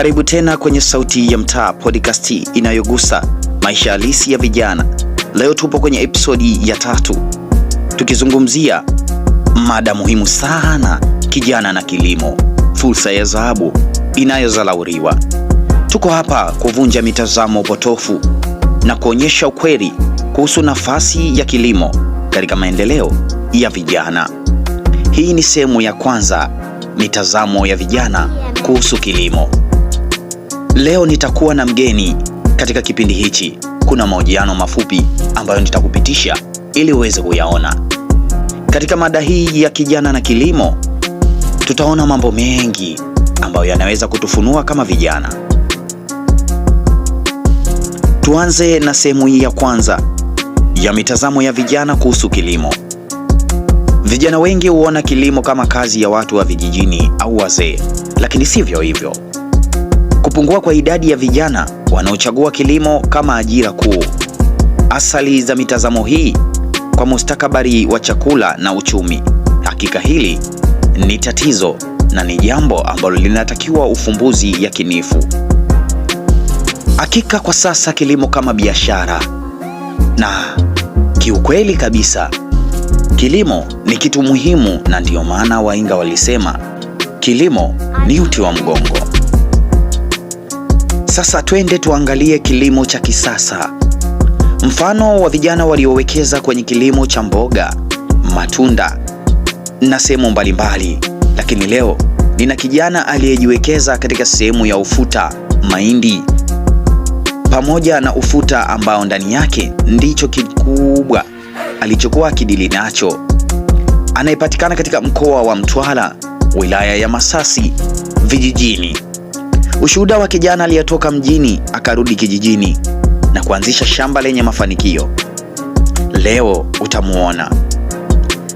Karibu tena kwenye Sauti ya Mtaa podcast inayogusa maisha halisi ya vijana. Leo tupo kwenye episodi ya tatu tukizungumzia mada muhimu sana, kijana na kilimo, fursa ya dhahabu inayozalauriwa Tuko hapa kuvunja mitazamo potofu na kuonyesha ukweli kuhusu nafasi ya kilimo katika maendeleo ya vijana. Hii ni sehemu ya kwanza, mitazamo ya vijana kuhusu kilimo. Leo nitakuwa na mgeni katika kipindi hichi. Kuna mahojiano mafupi ambayo nitakupitisha ili uweze kuyaona. Katika mada hii ya kijana na kilimo, tutaona mambo mengi ambayo yanaweza kutufunua kama vijana. Tuanze na sehemu hii ya kwanza ya mitazamo ya vijana kuhusu kilimo. Vijana wengi huona kilimo kama kazi ya watu wa vijijini au wazee, lakini sivyo hivyo kupungua kwa idadi ya vijana wanaochagua kilimo kama ajira kuu. Athari za mitazamo hii kwa mustakabali wa chakula na uchumi. Hakika hili ni tatizo na ni jambo ambalo linatakiwa ufumbuzi yakinifu. Hakika kwa sasa kilimo kama biashara, na kiukweli kabisa kilimo ni kitu muhimu, na ndiyo maana wainga walisema kilimo ni uti wa mgongo. Sasa twende tuangalie kilimo cha kisasa, mfano wa vijana waliowekeza kwenye kilimo cha mboga, matunda na sehemu mbalimbali. Lakini leo nina kijana aliyejiwekeza katika sehemu ya ufuta mahindi pamoja na ufuta ambao ndani yake ndicho kikubwa alichokuwa kidili nacho, anayepatikana katika mkoa wa Mtwara, wilaya ya Masasi vijijini. Ushuhuda wa kijana aliyetoka mjini akarudi kijijini na kuanzisha shamba lenye mafanikio. Leo utamuona.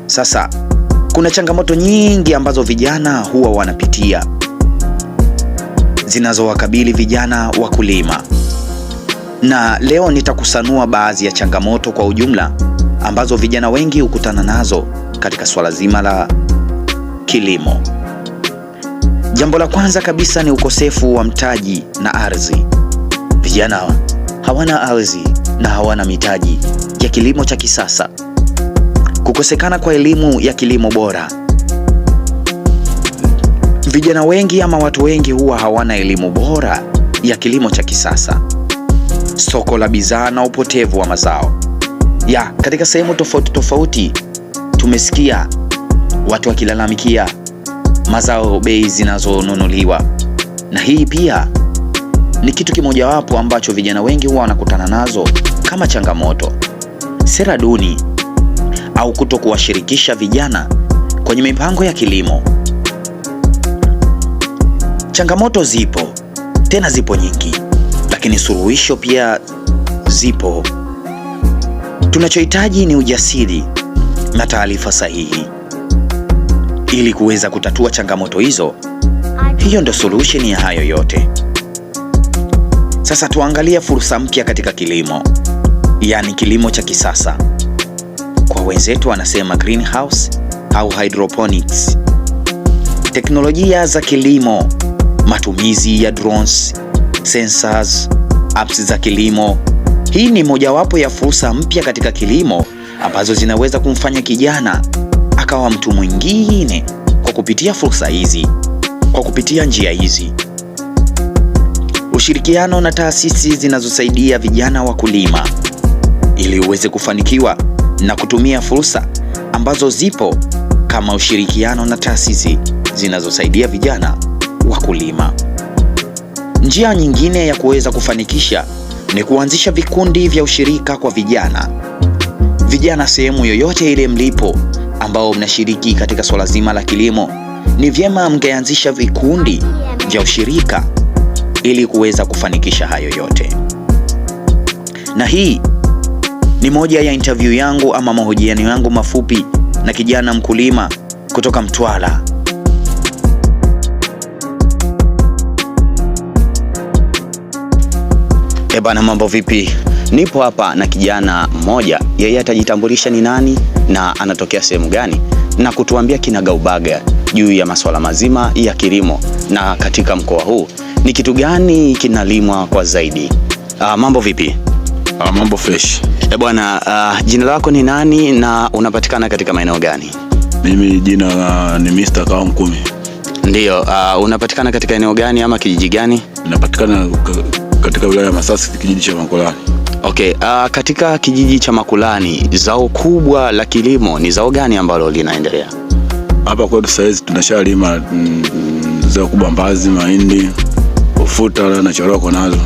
Sasa kuna changamoto nyingi ambazo vijana huwa wanapitia zinazowakabili vijana wakulima, na leo nitakusanua baadhi ya changamoto kwa ujumla ambazo vijana wengi hukutana nazo katika swala zima la kilimo. Jambo la kwanza kabisa ni ukosefu wa mtaji na ardhi. Vijana hawana ardhi na hawana mitaji ya kilimo cha kisasa. Kukosekana kwa elimu ya kilimo bora. Vijana wengi ama watu wengi huwa hawana elimu bora ya kilimo cha kisasa. Soko la bidhaa na upotevu wa mazao. Ya, katika sehemu tofauti tofauti tumesikia watu wakilalamikia mazao bei zinazonunuliwa, na hii pia ni kitu kimojawapo ambacho vijana wengi huwa wanakutana nazo kama changamoto. Sera duni au kuto kuwashirikisha vijana kwenye mipango ya kilimo. Changamoto zipo tena, zipo nyingi, lakini suluhisho pia zipo. Tunachohitaji ni ujasiri na taarifa sahihi ili kuweza kutatua changamoto hizo. Hiyo ndo solution ya hayo yote. Sasa tuangalie fursa mpya katika kilimo, yaani kilimo cha kisasa. Kwa wenzetu wanasema greenhouse au hydroponics. Teknolojia za kilimo, matumizi ya drones, sensors, apps za kilimo. Hii ni mojawapo ya fursa mpya katika kilimo ambazo zinaweza kumfanya kijana akawa mtu mwingine kwa kupitia fursa hizi, kwa kupitia njia hizi. Ushirikiano na taasisi zinazosaidia vijana wakulima ili uweze kufanikiwa na kutumia fursa ambazo zipo kama ushirikiano na taasisi zinazosaidia vijana wakulima. Njia nyingine ya kuweza kufanikisha ni kuanzisha vikundi vya ushirika kwa vijana. Vijana sehemu yoyote ile mlipo ambao mnashiriki katika swala zima la kilimo, ni vyema mkaanzisha vikundi vya ushirika ili kuweza kufanikisha hayo yote. Na hii ni moja ya interview yangu ama mahojiano yangu mafupi na kijana mkulima kutoka Mtwara. Ebana, eh mambo vipi? Nipo hapa na kijana mmoja, yeye atajitambulisha ni nani na anatokea sehemu gani na kutuambia kinagaubaga juu ya masuala mazima ya kilimo na katika mkoa huu ni kitu gani kinalimwa kwa zaidi. Uh, mambo vipi? Uh, mambo fresh. Eh, bwana, uh, jina lako ni nani na unapatikana katika maeneo gani? Mimi jina uh, ni Mr. Kaum Kumi. Ndiyo, uh, unapatikana katika eneo gani ama kijiji gani? Napatikana katika wilaya ya Masasi kijiji cha Makolani. Okay, uh, katika kijiji cha Makulani zao kubwa la kilimo ni zao gani ambalo linaendelea? Hapa kwetu hizi tunashalima mm, zao kubwa mbazi, mahindi, ufuta na choroko nazo.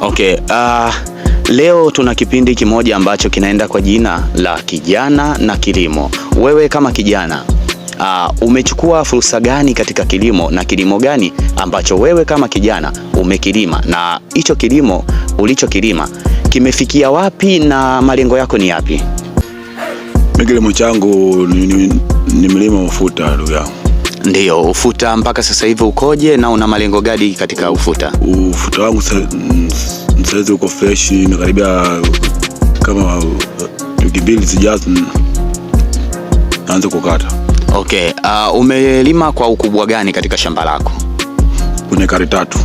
Okay, uh, leo tuna kipindi kimoja ambacho kinaenda kwa jina la kijana na kilimo. Wewe kama kijana uh, umechukua fursa gani katika kilimo na kilimo gani ambacho wewe kama kijana umekilima na hicho kilimo ulichokilima kimefikia wapi na malengo yako ni yapi? Mimi kilimo changu ni, ni, ni mlima ufuta ndugu yangu. Ndiyo, ufuta mpaka sasa hivi ukoje na una malengo gani katika ufuta? Ufuta wangu saizi uko fresh na karibia kama uh, wiki mbili zijazo naanza kukata. Okay, uh, umelima kwa ukubwa gani katika shamba lako? Kuna ekari tatu.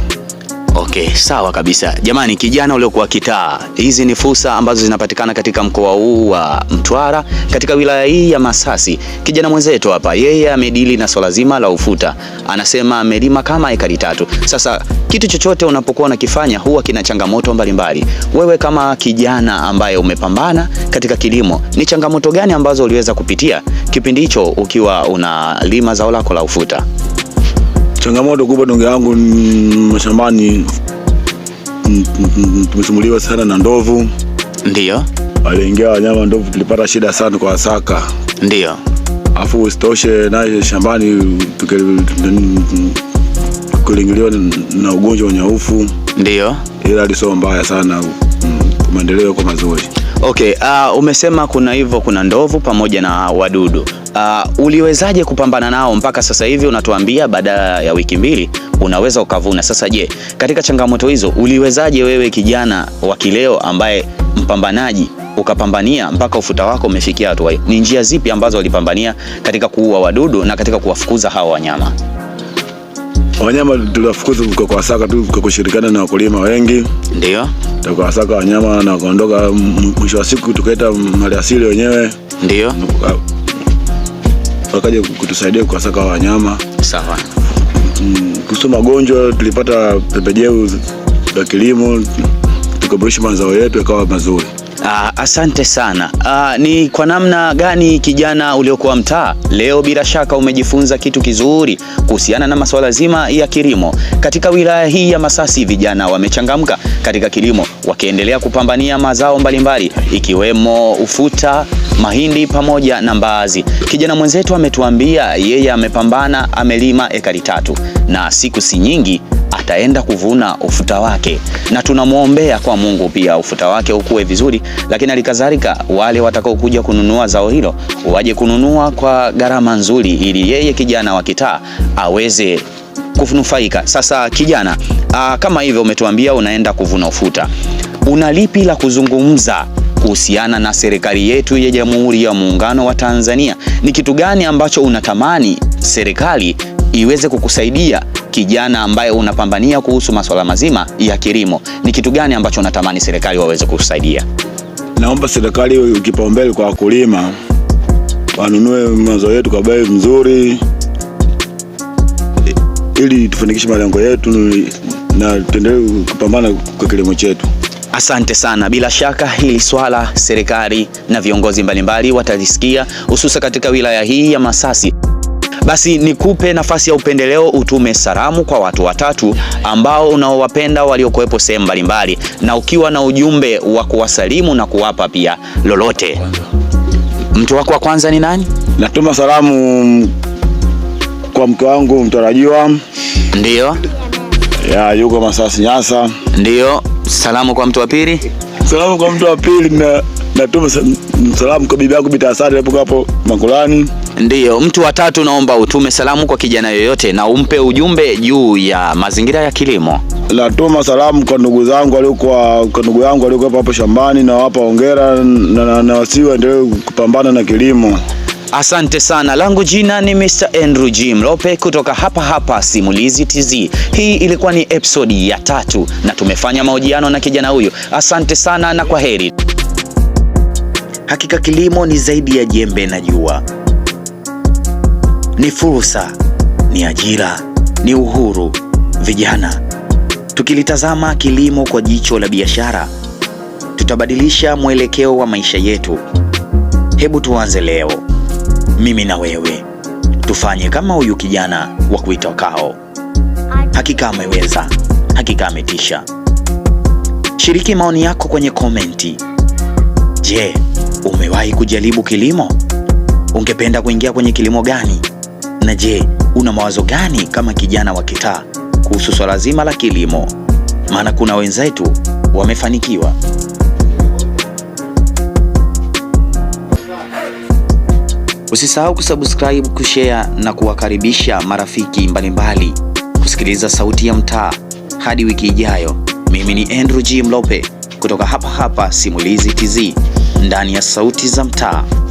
Okay, sawa kabisa jamani, kijana uliokuwa kitaa, hizi ni fursa ambazo zinapatikana katika mkoa huu wa Mtwara katika wilaya hii ya Masasi. Kijana mwenzetu hapa, yeye amedili na swala zima la ufuta, anasema amelima kama ekari tatu. Sasa kitu chochote unapokuwa unakifanya huwa kina changamoto mbalimbali mbali. Wewe kama kijana ambaye umepambana katika kilimo, ni changamoto gani ambazo uliweza kupitia kipindi hicho ukiwa unalima zao lako la ufuta? Changamoto kubwa donge yangu mm, mashambani, mm, mm, tumesumbuliwa sana na ndovu. Ndio waliingia wanyama ndovu, tulipata shida sana kwa asaka Ndio afu usitoshe naye shambani kulingiliwa na ugonjwa wa nyaufu. Ndio ila alisoma mbaya sana, maendeleo kwa mazuri Okay, uh, umesema kuna hivyo kuna ndovu pamoja na wadudu uh, uliwezaje kupambana nao mpaka sasa hivi unatuambia baada ya wiki mbili unaweza ukavuna. Sasa je, katika changamoto hizo uliwezaje wewe kijana wa kileo ambaye mpambanaji ukapambania mpaka ufuta wako umefikia hatua hiyo? Ni njia zipi ambazo walipambania katika kuua wadudu na katika kuwafukuza hawa wanyama? Wanyama tuliwafukuza tukawasaka tu kwa kushirikiana na wakulima wengi, ndio tukawasaka wanyama na kuondoka. Mwisho wa siku tukaita maliasili wenyewe, ndio wakaja kutusaidia kuwasaka wanyama. Sawa. Mm, kuhusu magonjwa, tulipata pembejeo za kilimo, tukaboresha mazao yetu yakawa mazuri. Aa, ah, asante sana. Aa, ah, ni kwa namna gani kijana uliokuwa mtaa leo, bila shaka umejifunza kitu kizuri kuhusiana na masuala zima ya kilimo katika wilaya hii ya Masasi. Vijana wamechangamka katika kilimo, wakiendelea kupambania mazao mbalimbali ikiwemo ufuta, mahindi pamoja na mbaazi. Kijana mwenzetu ametuambia yeye amepambana, amelima ekari tatu na siku si nyingi ataenda kuvuna ufuta wake, na tunamwombea kwa Mungu pia ufuta wake ukue vizuri, lakini alikadhalika wale watakaokuja kununua zao hilo waje kununua kwa gharama nzuri, ili yeye kijana wa kitaa aweze kunufaika. Sasa kijana aa, ah, kama hivyo umetuambia unaenda kuvuna ufuta, una lipi la kuzungumza kuhusiana na serikali yetu ya Jamhuri ya Muungano wa Tanzania? Ni kitu gani ambacho unatamani serikali iweze kukusaidia kijana ambaye unapambania kuhusu masuala mazima ya kilimo. Ni kitu gani ambacho unatamani serikali waweze kukusaidia? Naomba serikali kipaumbele kwa wakulima, wanunue mazao yetu kwa bei nzuri ili tufanikishe malengo yetu na tuendelee kupambana kwa kilimo chetu. Asante sana. Bila shaka hili swala serikali na viongozi mbalimbali watalisikia, hususa katika wilaya hii ya Masasi basi nikupe nafasi ya upendeleo, utume salamu kwa watu watatu ambao unaowapenda waliokuwepo sehemu mbalimbali, na ukiwa na ujumbe wa kuwasalimu na kuwapa pia lolote. Mtu wako wa kwanza ni nani? Natuma salamu kwa mke wangu mtarajiwa, ndio ya yuko Masasi Nyasa. ndio salamu kwa mtu wa pili. Salamu kwa mtu wa pili, natuma salamu kwa bibi yangu Bitasari hapo hapo Makulani. Ndiyo, mtu wa tatu naomba utume salamu kwa kijana yoyote na umpe ujumbe juu ya mazingira ya kilimo. Natuma salamu kwa ndugu zangu waliokuwa kwa ndugu yangu waliokuwa hapo shambani na wapa hongera na, na, na kupambana na kilimo. Asante sana. Langu jina ni Mr. Andrew Jim Lope kutoka hapa hapa Simulizi TZ. Hii ilikuwa ni episode ya tatu na tumefanya mahojiano na kijana huyu. Asante sana na kwa heri. Hakika kilimo ni zaidi ya jembe na jua ni fursa, ni ajira, ni uhuru. Vijana, tukilitazama kilimo kwa jicho la biashara, tutabadilisha mwelekeo wa maisha yetu. Hebu tuanze leo, mimi na wewe, tufanye kama huyu kijana wa kuitokao. Hakika ameweza, hakika ametisha. Shiriki maoni yako kwenye komenti. Je, umewahi kujaribu kilimo? Ungependa kuingia kwenye kilimo gani? Na je, una mawazo gani kama kijana wa kitaa kuhusu swala zima la kilimo? Maana kuna wenzetu wamefanikiwa. Usisahau kusubscribe, kushare na kuwakaribisha marafiki mbalimbali kusikiliza Sauti ya Mtaa. Hadi wiki ijayo, mimi ni Andrew G Mlope kutoka hapa hapa Simulizi Tz ndani ya Sauti za Mtaa.